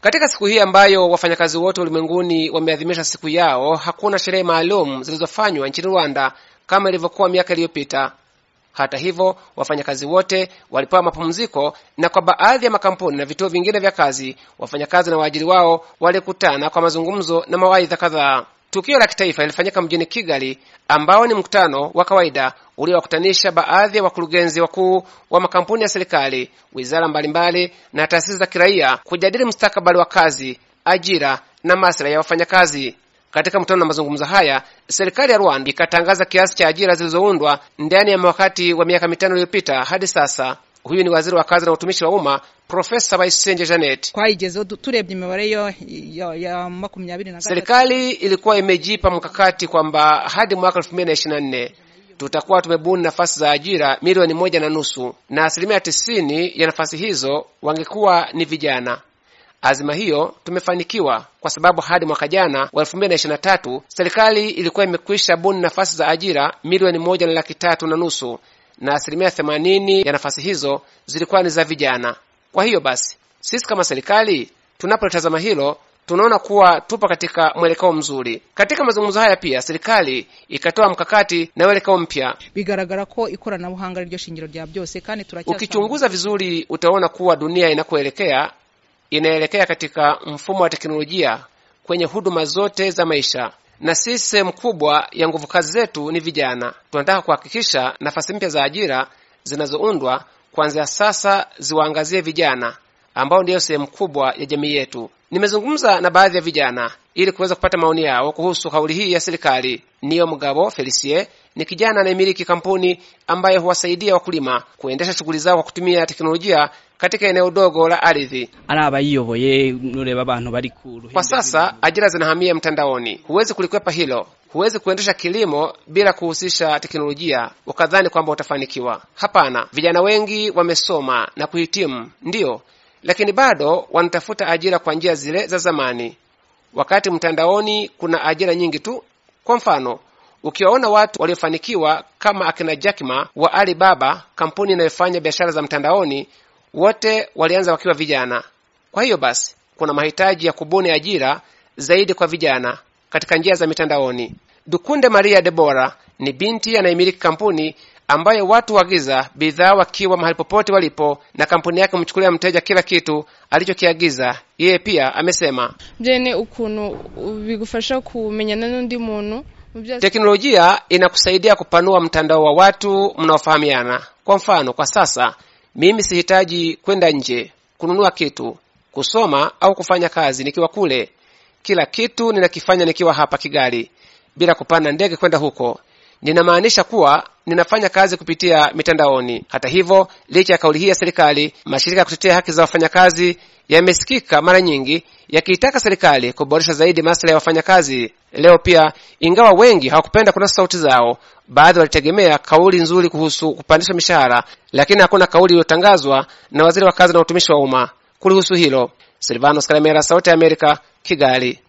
Katika siku hii ambayo wafanyakazi wote ulimwenguni wameadhimisha siku yao, hakuna sherehe maalum zilizofanywa nchini Rwanda kama ilivyokuwa miaka iliyopita. Hata hivyo, wafanyakazi wote walipewa mapumziko, na kwa baadhi ya makampuni na vituo vingine vya kazi, wafanyakazi na waajiri wao walikutana kwa mazungumzo na mawaidha kadhaa. Tukio la kitaifa lilifanyika mjini Kigali, ambao ni mkutano wa kawaida uliowakutanisha baadhi ya wakurugenzi wakuu wa makampuni ya serikali, wizara mbalimbali na taasisi za kiraia kujadili mustakabali wa kazi, ajira na maslahi ya wafanyakazi. Katika mkutano na mazungumzo haya, serikali ya Rwanda ikatangaza kiasi cha ajira zilizoundwa ndani ya wakati wa miaka mitano iliyopita hadi sasa huyu ni waziri wa kazi na utumishi wa umma Profesa Baisenge Janet. Serikali ilikuwa imejipa mkakati kwamba hadi mwaka nne tutakuwa tumebuni nafasi za ajira milioni moja na nusu na asilimia tisini ya nafasi hizo wangekuwa ni vijana. Azima hiyo tumefanikiwa kwa sababu hadi mwaka jana wa elfu mbili na ishirini na tatu serikali ilikuwa imekwisha buni nafasi za ajira milioni moja na laki tatu na nusu na asilimia themanini ya nafasi hizo zilikuwa ni za vijana. Kwa hiyo basi, sisi kama serikali tunapolitazama hilo tunaona kuwa tupo katika mwelekeo mzuri. Katika mazungumzo haya pia serikali ikatoa mkakati na mwelekeo mpya. bigaragara ko ikoranabuhanga niryo shingiro rya byose kandi turacyashaka. Ukichunguza vizuri, utaona kuwa dunia inakoelekea inaelekea katika mfumo wa teknolojia kwenye huduma zote za maisha na sisi sehemu kubwa ya nguvu kazi zetu ni vijana. Tunataka kuhakikisha nafasi mpya za ajira zinazoundwa kuanzia sasa ziwaangazie vijana ambao ndiyo sehemu kubwa ya jamii yetu. Nimezungumza na baadhi ya vijana ili kuweza kupata maoni yao kuhusu kauli hii ya serikali. Niyo Mgabo Felisie ni kijana anayemiliki kampuni ambayo huwasaidia wakulima kuendesha shughuli zao kwa kutumia teknolojia katika eneo dogo la ardhi. Kwa sasa ajira zinahamia mtandaoni, huwezi kulikwepa hilo. Huwezi kuendesha kilimo bila kuhusisha teknolojia ukadhani kwamba utafanikiwa. Hapana, vijana wengi wamesoma na kuhitimu, ndiyo lakini bado wanatafuta ajira kwa njia zile za zamani wakati mtandaoni kuna ajira nyingi tu kwa mfano ukiwaona watu waliofanikiwa kama akina Jack Ma wa Alibaba kampuni inayofanya biashara za mtandaoni wote walianza wakiwa vijana kwa hiyo basi kuna mahitaji ya kubuni ajira zaidi kwa vijana katika njia za mitandaoni dukunde maria debora ni binti anayemiliki kampuni ambayo watu wagiza bidhaa wakiwa mahali popote walipo, na kampuni yake mchukulia mteja kila kitu alichokiagiza. Yeye pia amesema jene ukuntu bigufasha kumenyana n'undi muntu teknolojia inakusaidia kupanua mtandao wa watu mnaofahamiana. Kwa mfano, kwa sasa mimi sihitaji kwenda nje kununua kitu, kusoma au kufanya kazi nikiwa kule. Kila kitu ninakifanya nikiwa hapa Kigali, bila kupanda ndege kwenda huko ninamaanisha kuwa ninafanya kazi kupitia mitandaoni. Hata hivyo, licha ya kauli hii ya serikali, mashirika ya kutetea haki za wafanyakazi yamesikika mara nyingi yakiitaka serikali kuboresha zaidi maslahi ya wafanyakazi. Leo pia, ingawa wengi hawakupenda kunasa sauti zao, baadhi walitegemea kauli nzuri kuhusu kupandisha mishahara, lakini hakuna kauli iliyotangazwa na waziri wa kazi na utumishi wa umma kulihusu hilo. Silvano Scaramera, Sauti ya Amerika, Kigali.